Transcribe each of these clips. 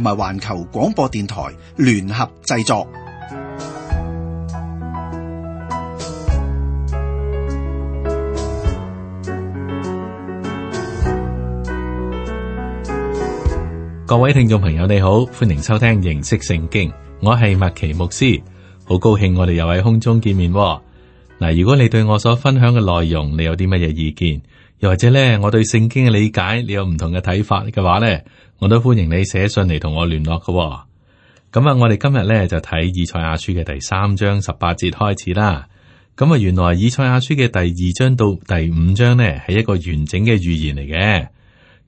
同埋環球廣播電台聯合製作。各位聽眾朋友，你好，歡迎收聽認識聖經。我係麥奇牧師，好高興我哋又喺空中見面。嗱，如果你對我所分享嘅內容，你有啲乜嘢意見？又或者咧，我對聖經嘅理解，你有唔同嘅睇法嘅話咧，我都歡迎你寫信嚟同我聯絡嘅喎。咁啊，我哋今日咧就睇以賽亞書嘅第三章十八節開始啦。咁啊，原來以賽亞書嘅第二章到第五章咧係一個完整嘅預言嚟嘅。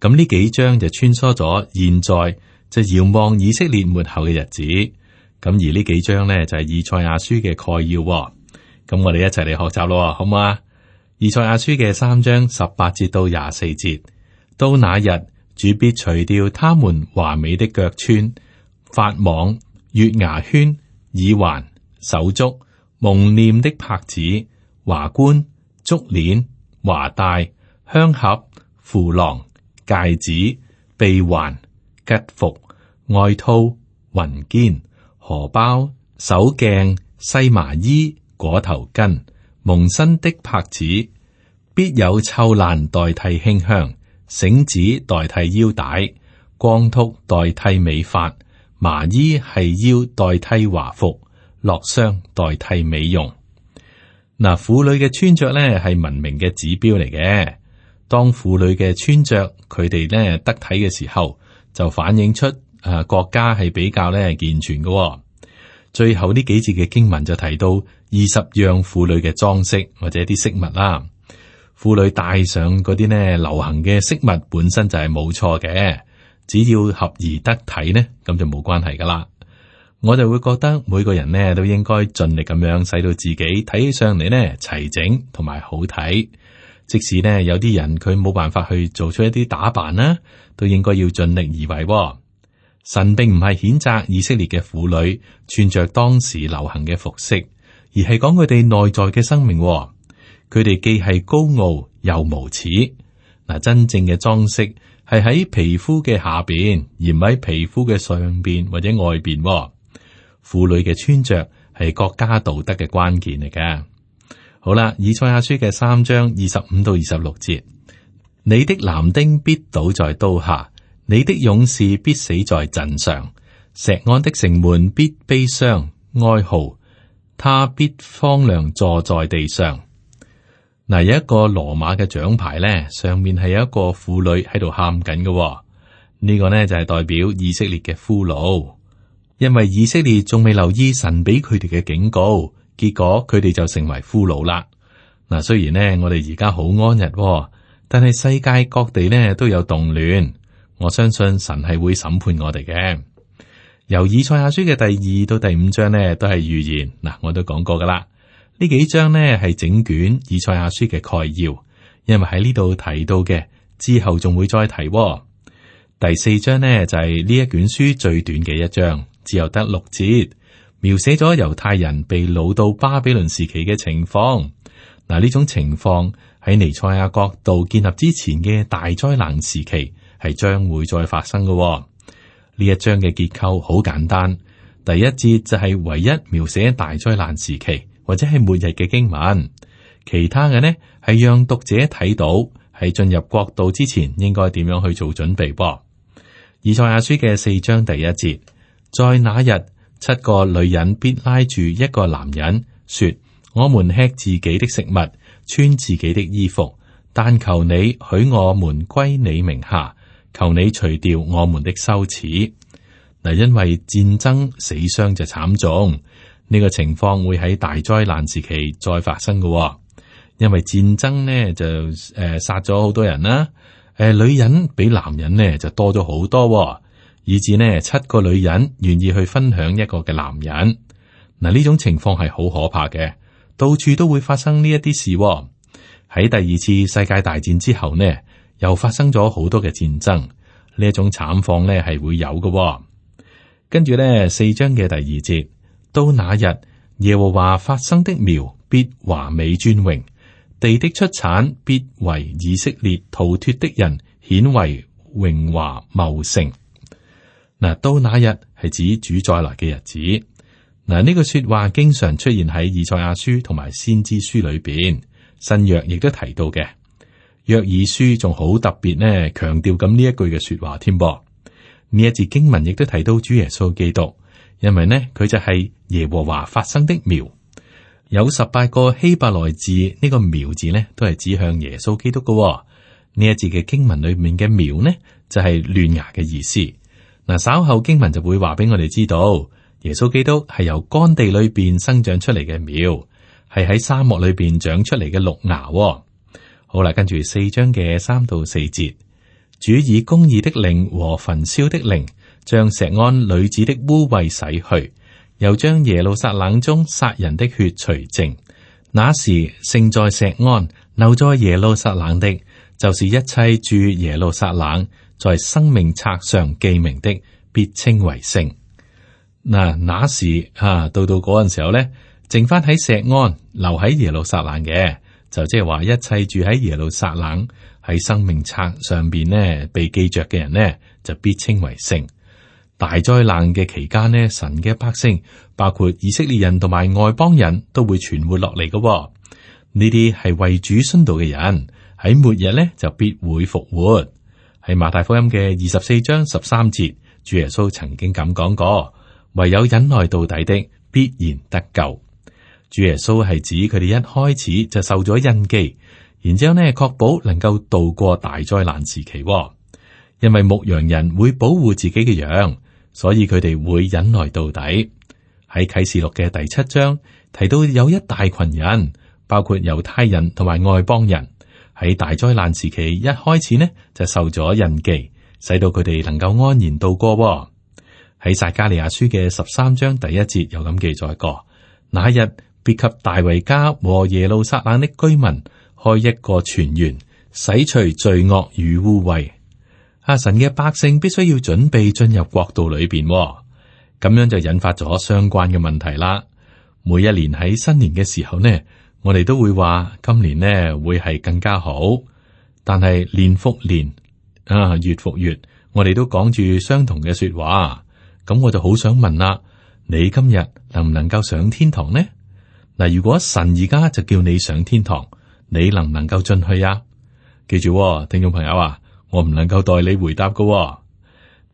咁呢幾章就穿梭咗現在，就遙望以色列末後嘅日子。咁而呢幾章咧就係以賽亞書嘅概要。咁我哋一齊嚟學習咯，好唔好啊？以賽亞書嘅三章十八節到廿四節，到那日主必除掉他們華美的腳釧，髮網、月牙圈、耳環、手鐲、蒙臉的帕子、華冠、足鏈、華帶、香盒、符囊、戒指、鼻環、吉服、外套、雲肩、荷包、手鏡、細麻衣、裹頭巾。蒙身的帕子，必有臭爛代替馨香；繩子代替腰帶，光禿代替美髮，麻衣繫腰代替華服，烙傷代替美容。嗱，婦女嘅穿着咧係文明嘅指標嚟嘅。當婦女嘅穿着佢哋咧得體嘅時候，就反映出誒國家係比較咧健全嘅。最後呢幾節嘅經文就提到。二十樣婦女嘅裝飾或者啲飾物啦、啊，婦女戴上嗰啲呢流行嘅飾物本身就係冇錯嘅，只要合宜得體呢，咁就冇關係噶啦。我就會覺得每個人呢都應該盡力咁樣使到自己睇起上嚟呢，齊整同埋好睇。即使呢有啲人佢冇辦法去做出一啲打扮啦，都應該要盡力而為、啊。神並唔係譴責以色列嘅婦女穿着當時流行嘅服飾。而係講佢哋內在嘅生命、哦，佢哋既係高傲又無恥。嗱，真正嘅裝飾係喺皮膚嘅下邊，而唔喺皮膚嘅上邊或者外邊、哦。婦女嘅穿着係國家道德嘅關鍵嚟嘅。好啦，以賽亞書嘅三章二十五到二十六節，「你的男丁必倒在刀下，你的勇士必死在陣上，錫安的城門必悲傷哀嚎。他必荒涼坐在地上。嗱、啊，有一個羅馬嘅獎牌咧，上面係有一個婦女喺度喊緊嘅。呢、這個呢，就係、是、代表以色列嘅俘虜，因為以色列仲未留意神俾佢哋嘅警告，結果佢哋就成為俘虜啦。嗱、啊，雖然呢，我哋而家好安逸、哦，但係世界各地呢都有動亂。我相信神係會審判我哋嘅。由以賽亞書嘅第二到第五章呢，都係預言。嗱，我都講過噶啦，呢幾章呢，係整卷以賽亞書嘅概要，因為喺呢度提到嘅之後仲會再提喎。第四章呢，就係呢一卷書最短嘅一章，只有得六節，描寫咗猶太人被擄到巴比倫時期嘅情況。嗱，呢種情況喺彌賽亞國度建立之前嘅大災難時期係將會再發生噶喎。呢一章嘅結構好簡單，第一節就係唯一描寫大災難時期或者係末日嘅經文，其他嘅呢係讓讀者睇到係進入國度之前應該點樣去做準備。噃，以賽亞書嘅四章第一節，在那日七個女人必拉住一個男人，說：我們吃自己的食物，穿自己的衣服，但求你許我們歸你名下。求你除掉我們的羞恥嗱，因為戰爭死傷就慘重，呢、這個情況會喺大災難時期再發生嘅、哦。因為戰爭呢就誒殺咗好多人啦、啊，誒、呃、女人比男人呢就多咗好多、哦，以至呢七個女人願意去分享一個嘅男人嗱，呢、呃、種情況係好可怕嘅，到處都會發生呢一啲事喺、哦、第二次世界大戰之後呢。又發生咗好多嘅戰爭，慘況呢一種慘況咧係會有嘅哦。跟住咧四章嘅第二節，到那日耶和華發生的苗必華美尊榮，地的出產必為以色列逃脱的人顯為榮華茂盛。嗱，到那日係指主再來嘅日子。嗱，呢個說話經常出現喺以賽亞書同埋先知書裏邊，新約亦都提到嘅。約珥書仲好特別呢，強調咁呢一句嘅說話添噃。呢一節經文亦都提到主耶穌基督，因為呢，佢就係耶和華發生的苗。有十八個希伯來字，呢個苗字呢，都係指向耶穌基督嘅。呢一節嘅經文裏面嘅苗呢，就係嫩芽嘅意思。嗱，稍後經文就會話俾我哋知道，耶穌基督係由乾地裏邊生長出嚟嘅苗，係喺沙漠裏邊長出嚟嘅綠芽。好啦，跟住四章嘅三到四節，主以公義的靈和焚燒的靈，將石安女子的污穢洗去，又將耶路撒冷中殺人的血除淨。那時剩在石安留在耶路撒冷的，就是一切住耶路撒冷在生命冊上記名的，必稱為聖。嗱、啊，那時啊，到到嗰陣時候呢，剩翻喺石安留喺耶路撒冷嘅。就即係話，一切住喺耶路撒冷喺生命冊上邊呢，被記着嘅人呢，就必稱為聖。大災難嘅期間呢，神嘅百姓，包括以色列人同埋外邦人都會存活落嚟嘅。呢啲係為主殉道嘅人，喺末日呢就必會復活。喺馬太福音嘅二十四章十三節，主耶穌曾經咁講過：唯有忍耐到底的，必然得救。主耶穌係指佢哋一開始就受咗印記，然之後呢，確保能夠度過大災難時期、哦。因為牧羊人會保護自己嘅羊，所以佢哋會忍耐到底。喺啟示錄嘅第七章提到，有一大群人，包括猶太人同埋外邦人，喺大災難時期一開始呢，就受咗印記，使到佢哋能夠安然度過、哦。喺撒迦利亞書嘅十三章第一節又咁記載過，那一日。必給大衛家和耶路撒冷的居民開一個泉源，洗除罪惡與污穢。阿、啊、神嘅百姓必須要準備進入國度裏邊，咁、哦、樣就引發咗相關嘅問題啦。每一年喺新年嘅時候呢，我哋都會話今年呢會係更加好，但係年復年啊，月復月，我哋都講住相同嘅說話。咁我就好想問啦，你今日能唔能夠上天堂呢？嗱，如果神而家就叫你上天堂，你能唔能夠進去啊？記住哦，聽眾朋友啊，我唔能夠代你回答噶哦。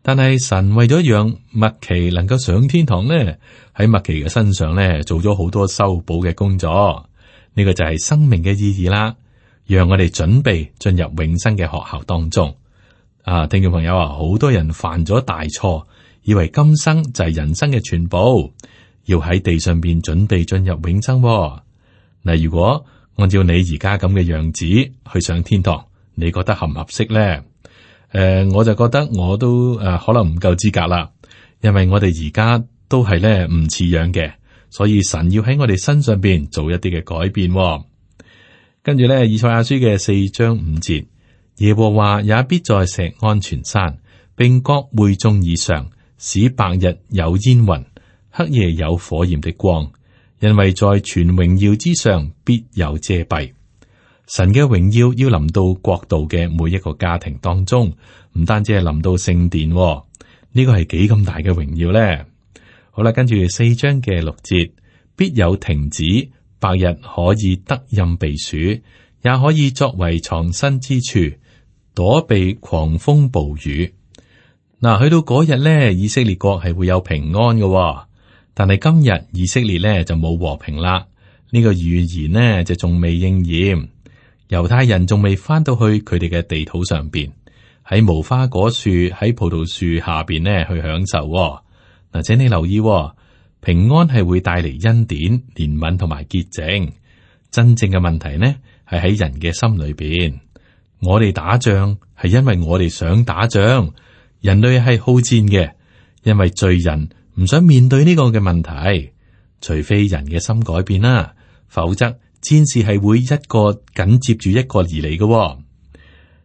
但係神為咗讓麥奇能夠上天堂咧，喺麥奇嘅身上咧做咗好多修補嘅工作。呢個就係生命嘅意義啦，讓我哋準備進入永生嘅學校當中。啊，聽眾朋友啊，好多人犯咗大錯，以為今生就係人生嘅全部。要喺地上邊準備進入永生、哦。嗱，如果按照你而家咁嘅樣子去上天堂，你覺得合唔合適咧？誒、呃，我就覺得我都誒、呃、可能唔夠資格啦，因為我哋而家都係咧唔似樣嘅，所以神要喺我哋身上邊做一啲嘅改變、哦。跟住咧，以賽亞書嘅四章五節，耶和華也必在錫安全山，並各會眾以上，使白日有煙雲。黑夜有火焰的光，因為在全榮耀之上必有遮蔽。神嘅榮耀要臨到國度嘅每一個家庭當中，唔單止係臨到聖殿、哦，呢、這個係幾咁大嘅榮耀呢？好啦，跟住四章嘅六節，必有亭子。白日可以得蔭避暑，也可以作為藏身之處，躲避狂風暴雨。嗱，去到嗰日呢，以色列國係會有平安嘅、哦。但係今日以色列咧就冇和平啦，呢個預言呢就仲未應驗，猶太人仲未翻到去佢哋嘅地土上邊，喺無花果樹喺葡萄樹下邊咧去享受、哦。嗱，請你留意、哦、平安係會帶嚟恩典、憐憫同埋潔淨。真正嘅問題呢係喺人嘅心裏邊。我哋打仗係因為我哋想打仗，人類係好戰嘅，因為罪人。唔想面對呢個嘅問題，除非人嘅心改變啦，否則災事係會一個緊接住一個而嚟嘅、哦。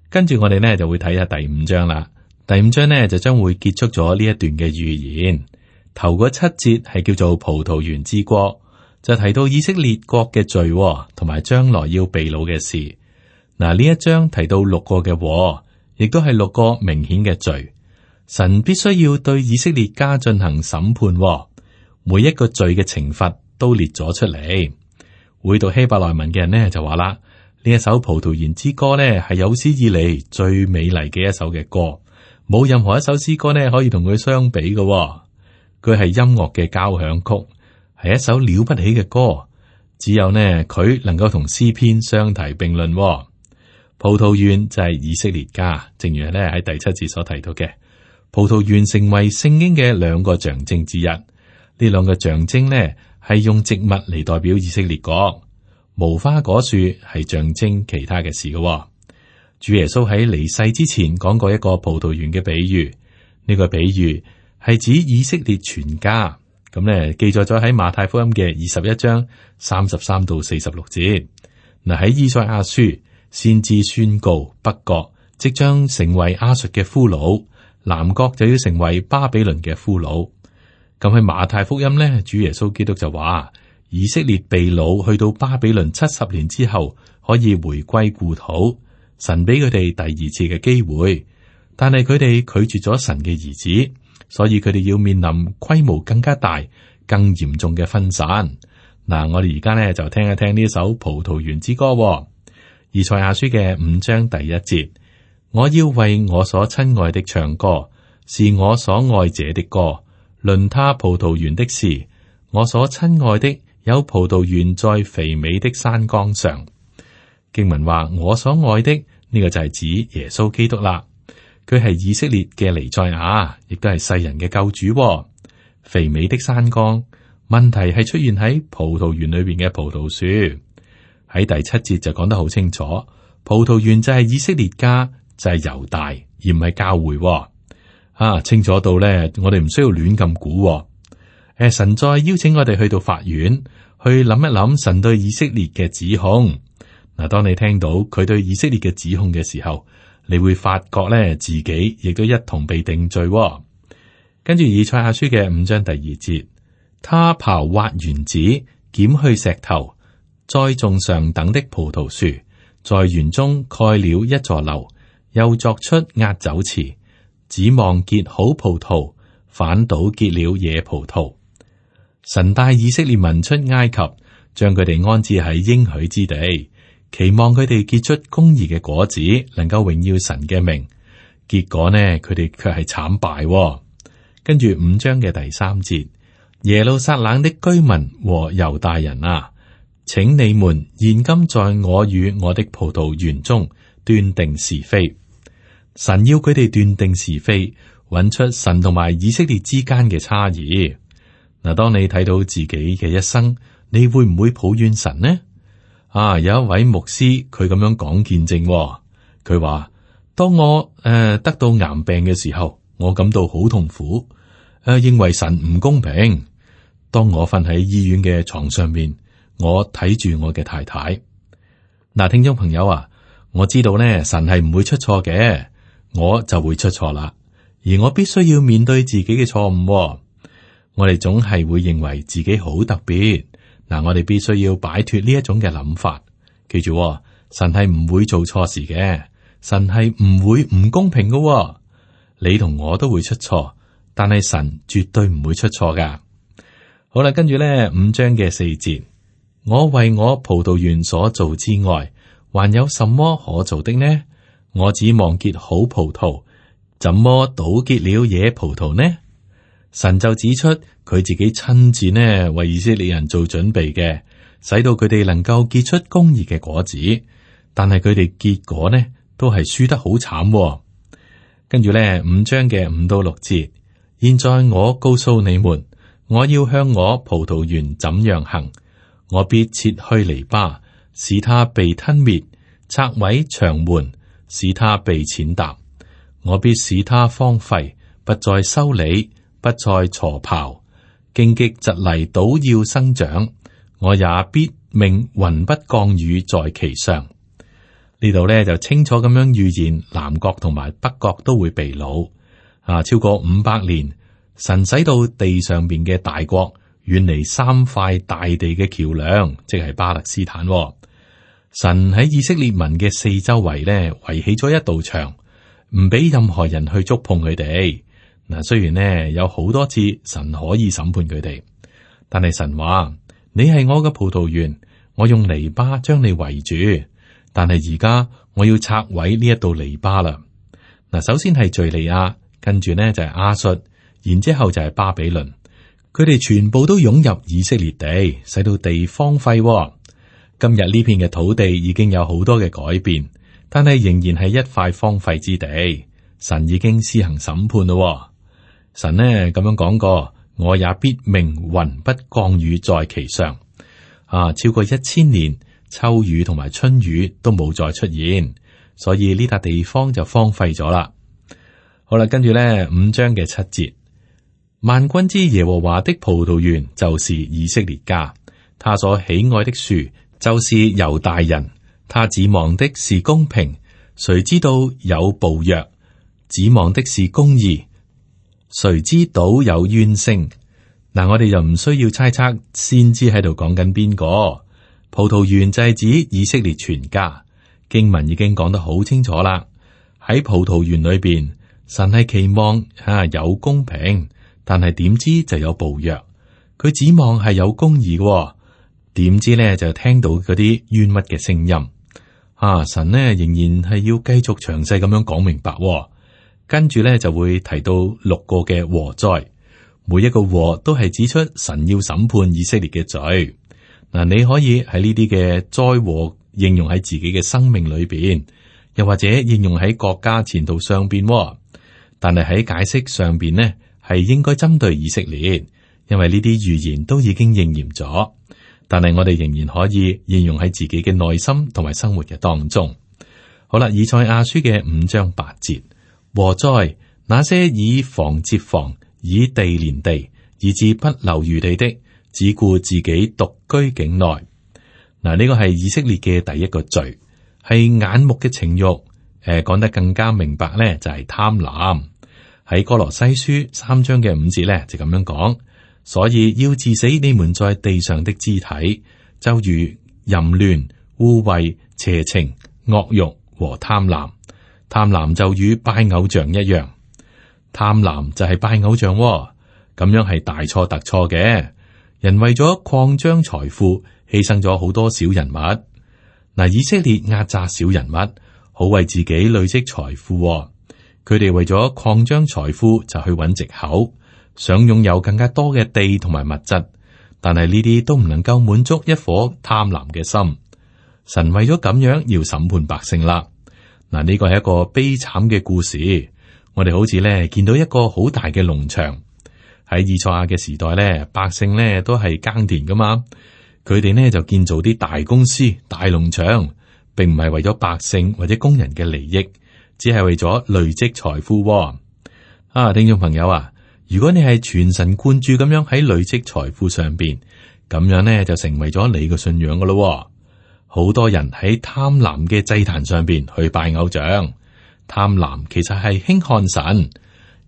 跟住我哋呢就會睇下第五章啦。第五章呢就將會結束咗呢一段嘅預言。頭嗰七節係叫做葡萄園之國，就提到以色列國嘅罪同、哦、埋將來要被擄嘅事。嗱，呢一章提到六個嘅禍，亦都係六個明顯嘅罪。神必須要對以色列家進行審判、哦，每一個罪嘅懲罰都列咗出嚟。會讀希伯來文嘅人呢就話啦：呢一首葡萄園之歌呢係有史以嚟最美麗嘅一首嘅歌，冇任何一首詩歌呢可以同佢相比嘅，哦。佢係音樂嘅交響曲，係一首了不起嘅歌，只有呢佢能夠同詩篇相提並論，哦。葡萄園就係以色列家，正如呢喺第七節所提到嘅。葡萄園成為聖經嘅兩個象徵之一。呢兩個象徵呢，係用植物嚟代表以色列國。無花果樹係象徵其他嘅事嘅、哦。主耶穌喺離世之前講過一個葡萄園嘅比喻。呢、這個比喻係指以色列全家咁，呢，記載咗喺馬太福音嘅二十一章三十三到四十六節嗱。喺以賽亞書先至宣告，北國即將成為阿述嘅俘虜。南國就要成為巴比倫嘅俘虜。咁喺馬太福音咧，主耶穌基督就話：以色列被擄去到巴比倫七十年之後，可以回歸故土。神俾佢哋第二次嘅機會，但係佢哋拒絕咗神嘅兒子，所以佢哋要面臨規模更加大、更嚴重嘅分散。嗱，我哋而家咧就聽一聽呢首葡萄園之歌，以賽亞書嘅五章第一節。我要為我所親愛的唱歌，是我所愛者的歌。論他葡萄園的事，我所親愛的有葡萄園在肥美的山岡上。經文話：我所愛的呢、這個就係指耶穌基督啦，佢係以色列嘅彌賽亞，亦都係世人嘅救主、哦。肥美的山岡，問題係出現喺葡萄園裏邊嘅葡萄樹。喺第七節就講得好清楚，葡萄園就係以色列家。就係猶大而唔係教會，哦，啊清楚到咧，我哋唔需要亂咁估。誒、啊，神再邀請我哋去到法院去諗一諗神對以色列嘅指控。嗱、啊，當你聽到佢對以色列嘅指控嘅時候，你會發覺咧，自己亦都一同被定罪，哦。跟住以賽亞書嘅五章第二節，他刨挖園子，撿去石頭，栽種上等的葡萄樹，在園中蓋了一座樓。又作出壓酒詞，指望結好葡萄，反倒結了野葡萄。神帶以色列民出埃及，將佢哋安置喺應許之地，期望佢哋結出公義嘅果子，能夠榮耀神嘅名。結果呢，佢哋卻係慘敗、哦。跟住五章嘅第三節，耶路撒冷的居民和猶大人啊，請你們現今在我與我的葡萄園中。斷定是非，神要佢哋斷定是非，揾出神同埋以色列之間嘅差異。嗱，當你睇到自己嘅一生，你會唔會抱怨神呢？啊，有一位牧師佢咁樣講見證、哦，佢話：當我誒、呃、得到癌病嘅時候，我感到好痛苦，誒、呃、認為神唔公平。當我瞓喺醫院嘅床上面，我睇住我嘅太太。嗱、啊，聽眾朋友啊。我知道咧，神係唔會出錯嘅，我就會出錯啦。而我必須要面對自己嘅錯誤喎。我哋總係會認為自己好特別，嗱，我哋必須要擺脫呢一種嘅諗法。記住喎，神係唔會做錯事嘅，神係唔會唔公平嘅喎。你同我都會出錯，但係神絕對唔會出錯噶。好啦，跟住咧，五章嘅四節，我為我葡萄園所做之外。還有什麼可做的呢？我指望結好葡萄，怎麼倒結了野葡萄呢？神就指出佢自己親自呢，為以色列人做準備嘅，使到佢哋能夠結出公義嘅果子，但係佢哋結果呢都係輸得好慘啊。跟住咧五章嘅五到六節，現在我告訴你們，我要向我葡萄園怎樣行，我必撤去籬笆。使他被吞滅，拆毀長門；使他被踐踏，我必使他荒廢，不再修理，不再鋤刨。荊棘蒺藜倒要生長，我也必命雲不降雨在其上。呢度咧就清楚咁樣預言，南國同埋北國都會被擄啊，超過五百年。神使到地上邊嘅大國遠離三塊大地嘅橋樑，即係巴勒斯坦，哦。神喺以色列民嘅四周圍呢，圍起咗一道牆，唔俾任何人去觸碰佢哋。嗱，雖然呢，有好多次神可以審判佢哋，但係神話你係我嘅葡萄園，我用泥巴將你圍住，但係而家我要拆毀呢一道泥巴啦。嗱，首先係敘利亞，跟住呢就係亞述，然之後就係巴比倫，佢哋全部都湧入以色列地，使到地方廢。今日呢片嘅土地已經有好多嘅改變，但係仍然係一塊荒廢之地。神已經施行審判咯、哦，神呢咁樣講過，我也必命雲不降雨在其上。啊，超過一千年，秋雨同埋春雨都冇再出現，所以呢笪地方就荒廢咗啦。好啦，跟住呢五章嘅七節，萬軍之耶和華的葡萄園就是以色列家，他所喜愛的樹。就是猶大人，他指望的是公平，誰知道有暴虐；指望的是公義，誰知道有冤聲？嗱、啊，我哋又唔需要猜測，先知喺度講緊邊個？葡萄園就係指以色列全家，經文已經講得好清楚啦。喺葡萄園裏邊，神係期望啊有公平，但係點知就有暴虐，佢指望係有公義嘅、哦。點知咧，就聽到嗰啲冤屈嘅聲音啊！神呢，仍然係要繼續詳細咁樣講明白、哦，跟住咧就會提到六個嘅禍災，每一個禍都係指出神要審判以色列嘅罪。嗱、啊，你可以喺呢啲嘅災禍應用喺自己嘅生命裏邊，又或者應用喺國家前途上邊、哦。但係喺解釋上邊呢，係應該針對以色列，因為呢啲預言都已經應驗咗。但係我哋仍然可以應用喺自己嘅內心同埋生活嘅當中。好啦，以賽亞書嘅五章八節，禍哉那些以房接房、以地連地，以致不留餘地的，只顧自己獨居境內。嗱，呢個係以色列嘅第一個罪，係眼目嘅情欲。誒、呃，講得更加明白呢，就係貪婪。喺哥羅西書三章嘅五節呢，就咁樣講。所以要致死你們在地上的肢體，就如淫亂、污穢、邪情、惡欲和貪婪。貪婪就與拜偶像一樣，貪婪就係拜偶像，哦，咁樣係大錯特錯嘅。人為咗擴張財富，犧牲咗好多小人物。嗱，以色列壓榨小人物，好為自己累積財富，哦。佢哋為咗擴張財富，就去揾藉口。想擁有更加多嘅地同埋物質，但係呢啲都唔能夠滿足一顆貪婪嘅心。神為咗咁樣要審判百姓啦。嗱,呢個係一個悲慘嘅故事。我哋好似咧見到一個好大嘅農場，喺以賽亞嘅時代咧，百姓咧都係耕田噶嘛。佢哋呢就建造啲大公司、大農場，並唔係為咗百姓或者工人嘅利益，只係為咗累積財富哦。啊，聽眾朋友啊！如果你係全神貫注咁樣喺累積財富上邊，咁樣呢就成為咗你嘅信仰噶咯。好多人喺貪婪嘅祭壇上邊去拜偶像，貪婪其實係輕看神，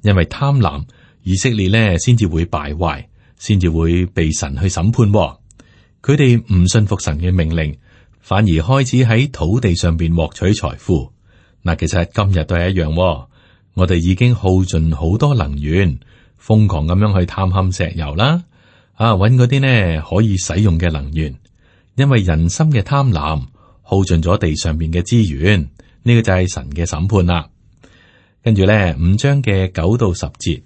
因為貪婪，以色列呢先至會敗壞，先至會被神去審判。佢哋唔信服神嘅命令，反而開始喺土地上邊獲取財富。嗱，其實今日都係一樣，我哋已經耗盡好多能源。瘋狂咁樣去探勘石油啦，啊，揾嗰啲呢可以使用嘅能源，因為人心嘅貪婪耗盡咗地上面嘅資源，呢個就係神嘅審判啦。跟住咧五章嘅九到十節，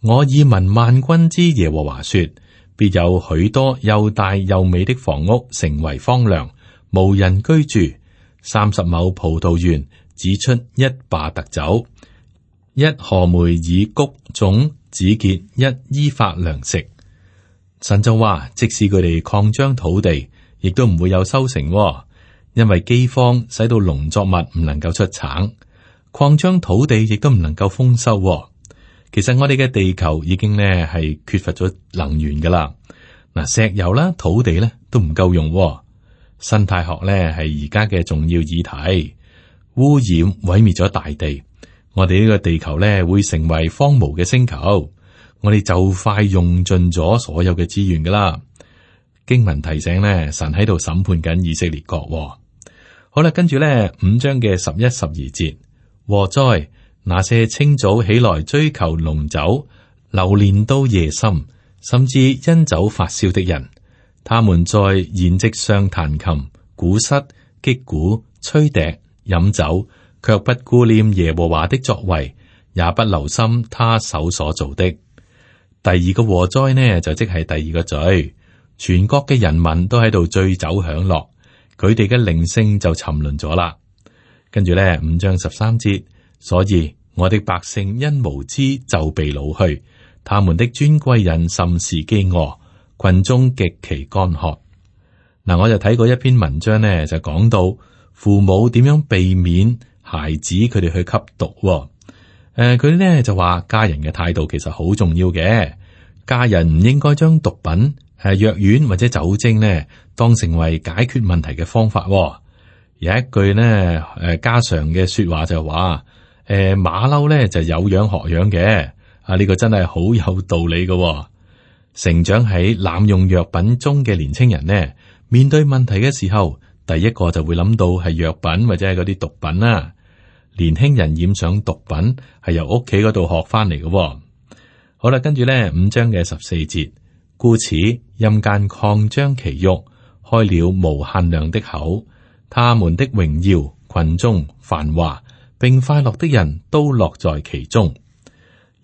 我耳聞萬軍之耶和華說：必有許多又大又美的房屋成為荒涼，無人居住。三十畝葡萄園只出一罷特酒，一賀梅珥穀種。只結一伊法糧食，神就話：即使佢哋擴張土地，亦都唔會有收成，因為飢荒使到農作物唔能夠出產，擴張土地亦都唔能夠豐收。其實我哋嘅地球已經呢係缺乏咗能源噶啦，嗱石油啦、土地咧都唔夠用，生態學咧係而家嘅重要議題，污染毀滅咗大地。我哋呢個地球咧會成為荒蕪嘅星球，我哋就快用盡咗所有嘅資源噶啦。經文提醒咧，神喺度審判緊以色列國，哦。好啦，跟住咧五章嘅十一、十二節禍哉，那些清早起來追求濃酒，流連到夜深，甚至因酒發燒的人，他們在宴席上彈琴、鼓瑟、擊鼓、吹笛、飲酒。卻不顧念耶和華的作為，也不留心他手所做的。第二個禍災呢，就即係第二個罪。全國嘅人民都喺度醉酒享樂，佢哋嘅靈性就沉淪咗啦。跟住咧，五章十三節，所以我的百姓因無知就被擄去，他們的尊貴人甚是飢餓，群眾極其乾渴。嗱、嗯，我就睇過一篇文章呢，就講到父母點樣避免。孩子佢哋去吸毒、哦，誒佢咧就話家人嘅態度其實好重要嘅，家人唔應該將毒品、誒、呃、藥丸或者酒精咧當成為解決問題嘅方法、哦。有一句呢誒、呃、家常嘅說話就話，誒馬騮咧就有樣學樣嘅，啊呢、呢個真係好有道理嘅、哦。成長喺濫用藥品中嘅年青人呢，面對問題嘅時候，第一個就會諗到係藥品或者係嗰啲毒品啦、啊。年輕人染上毒品係由屋企嗰度學翻嚟嘅。好啦，跟住咧五章嘅十四節，故此陰間擴張其慾，開了無限量的口。他們的榮耀、群眾、繁華，並快樂的人都落在其中。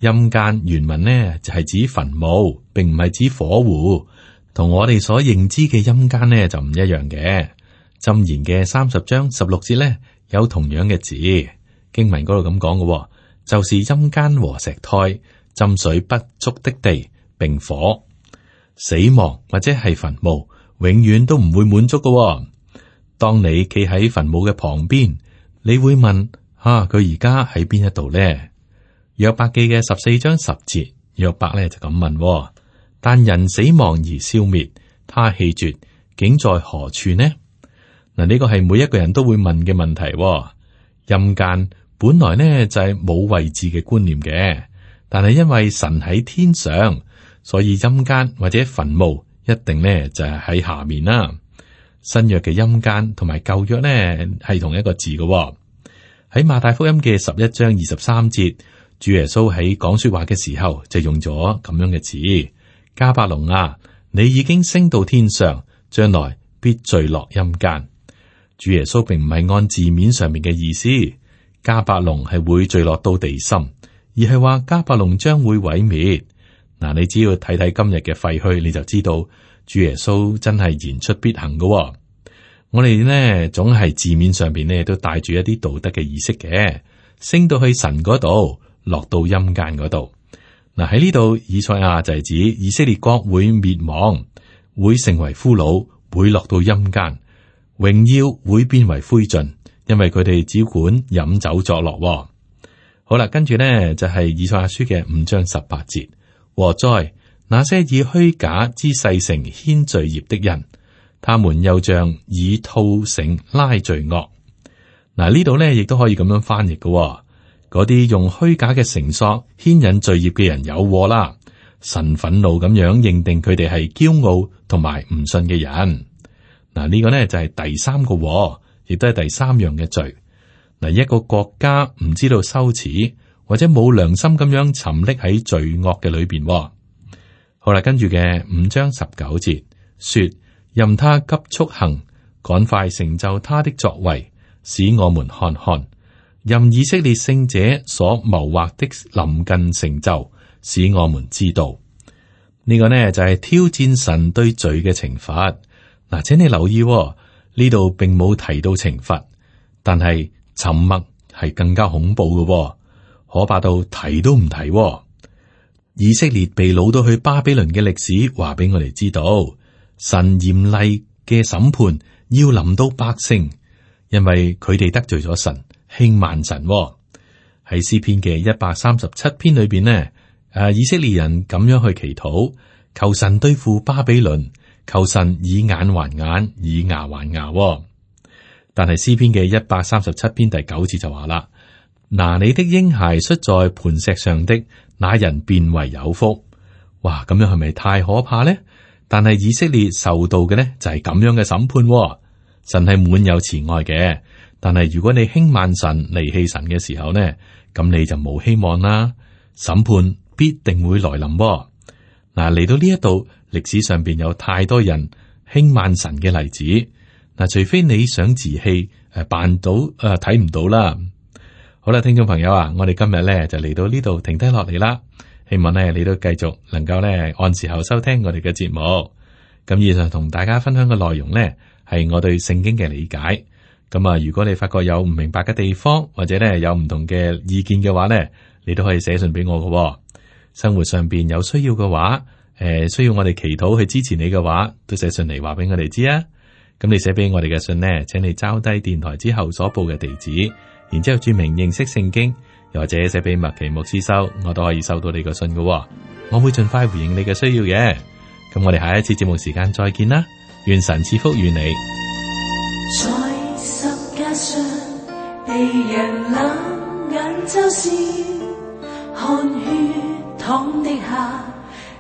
陰間原文呢就係指墳墓，並唔係指火湖。同我哋所認知嘅陰間呢就唔一樣嘅。箴言嘅三十章十六節呢有同樣嘅字。經文嗰度咁講嘅，就是陰間和石胎，浸水不足的地，並火死亡，或者係墳墓，永遠都唔會滿足嘅，哦。當你企喺墳墓嘅旁邊，你會問：啊，佢而家喺邊一度呢？」約伯記嘅十四章十節，約伯咧就咁問，哦：但人死亡而消滅，他氣絕，竟在何處呢？嗱，呢個係每一個人都會問嘅問題，哦。陰間。本來呢就係冇位置嘅觀念嘅，但係因為神喺天上，所以陰間或者墳墓一定呢就係喺下面啦。新約嘅陰間同埋舊約呢係同一個字嘅喎。喺馬太福音嘅十一章二十三節，主耶穌喺講說話嘅時候就用咗咁樣嘅字，迦百農啊，你已經升到天上，將來必墜落陰間。主耶穌並唔係按字面上面嘅意思。迦百農係會墜落到地心，而係話迦百農將會毀滅。嗱，你只要睇睇今日嘅廢墟，你就知道主耶穌真係言出必行噶。我哋呢，總係字面上邊呢，都帶住一啲道德嘅意識嘅，升到去神嗰度，落到陰間嗰度。嗱，喺呢度，以賽亞就係指以色列國會滅亡，會成為俘虜，會落到陰間，榮耀會變為灰燼。因為佢哋只管飲酒作樂、哦。好啦，跟住呢就係以賽亞書嘅五章十八節，禍哉那些以虛假之細繩牽罪業的人，他們又像以套繩拉罪惡。嗱、啊、呢度呢亦都可以咁樣翻譯嘅、哦，嗰啲用虛假嘅繩索牽引罪業嘅人有禍啦。神憤怒咁樣認定佢哋係驕傲同埋唔信嘅人。嗱、啊、呢、這個呢就係、是、第三個禍、哦。亦都係第三樣嘅罪。嗱，一個國家唔知道羞恥，或者冇良心咁樣沉溺喺罪惡嘅裏邊。好啦，跟住嘅五章十九節說：任他急速行，趕快成就他的作為，使我們看看，任以色列聖者所謀劃的臨近成就，使我們知道呢、這個呢就係、是、挑戰神對罪嘅懲罰。嗱，請你留意、哦。呢度並冇提到懲罰，但係沉默係更加恐怖嘅，哦，可怕到提都唔提，哦。以色列被擄到去巴比倫嘅歷史，話俾我哋知道，神嚴厲嘅審判要臨到百姓，因為佢哋得罪咗神，輕慢神，哦。喺詩篇嘅一百三十七篇裏邊呢，誒，以色列人咁樣去祈禱，求神對付巴比倫。求神以眼還眼，以牙還牙，哦。但係詩篇嘅一百三十七篇第九節就話啦：嗱，啊，你的嬰孩摔在磐石上的，那人便為有福。哇，咁樣係咪太可怕呢？但係以色列受到嘅呢，就係咁樣嘅審判，哦。神係滿有慈愛嘅，但係如果你輕慢神、離棄神嘅時候呢，咁你就冇希望啦。審判必定會來臨，哦。嗱，啊，嚟到呢一度。歷史上邊有太多人輕慢神嘅例子，嗱，除非你想自棄，誒，扮到誒睇唔到啦。好啦，聽眾朋友啊，我哋今日咧就嚟到呢度停低落嚟啦。希望咧你都繼續能夠咧按時候收聽我哋嘅節目。咁以上同大家分享嘅內容咧係我對聖經嘅理解。咁啊，如果你發覺有唔明白嘅地方，或者咧有唔同嘅意見嘅話咧，你都可以寫信俾我㗎喎。生活上邊有需要嘅話。誒，需要我哋祈禱去支持你嘅話，都寫信嚟，話俾我哋知啊。咁你寫俾我哋嘅信呢，請你抄低電台之後所報嘅地址，然之後注明認識聖經，又或者寫俾麥其牧師收，我都可以收到你個信嘅，哦。我會盡快回應你嘅需要嘅。咁我哋下一次節目時間再見啦，願神賜福與你。在十